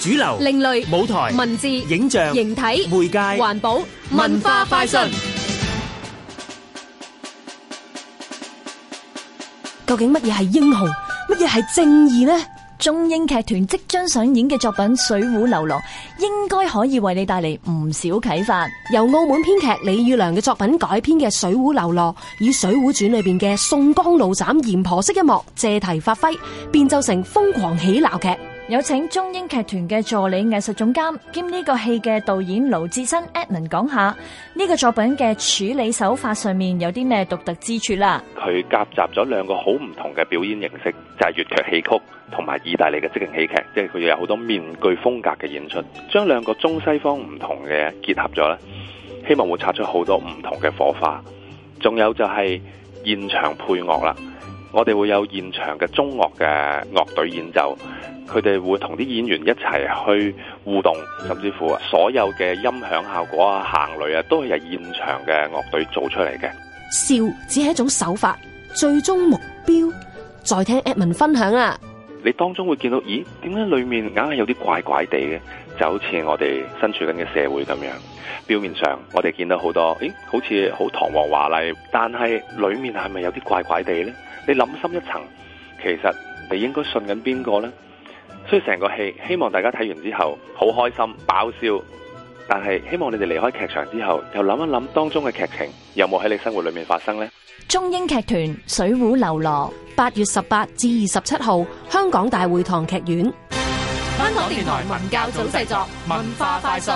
主流、另類舞台、文字、影像、形體、媒介、環保、文化快訊。究竟乜嘢係英雄，乜嘢係正義呢？中英劇團即將上演嘅作品《水滸流落》，應該可以為你帶嚟唔少啟發。由澳門編劇李宇良嘅作品改編嘅《水滸流落》，以《水滸傳》裏邊嘅宋江怒斬閻婆惜一幕，借題發揮，變奏成瘋狂喜鬧劇。有請中英劇團嘅助理藝術總監兼呢個戲嘅導演盧志新 Edmund 講下呢個作品嘅處理手法上面有啲咩獨特之處啦？佢夾雜咗兩個好唔同嘅表演形式，就係粵劇戲曲同埋意大利嘅即興喜劇，即係佢有好多面具風格嘅演出，將兩個中西方唔同嘅結合咗咧，希望會擦出好多唔同嘅火花。仲有就係現場配樂啦。我哋會有現場嘅中樂嘅樂隊演奏，佢哋會同啲演員一齊去互動，甚至乎所有嘅音響效果啊、行雷啊，都係由現場嘅樂隊做出嚟嘅。笑只係一種手法，最終目標再聽 Edmond 分享啊！你當中會見到，咦？點解裏面硬係有啲怪怪地嘅？就好似我哋身處緊嘅社會咁樣，表面上我哋見到好多，咦，好似好堂皇華麗，但係裏面係咪有啲怪怪地呢？你諗深一層，其實你應該信緊邊個呢？所以成個戲希望大家睇完之後好開心，爆笑。但係，希望你哋離開劇場之後，又諗一諗當中嘅劇情，有冇喺你生活裏面發生呢？中英劇團《水滸嘍囉》，八月十八至二十七號，香港大會堂劇院。香港電台文教組製作，文化快訊。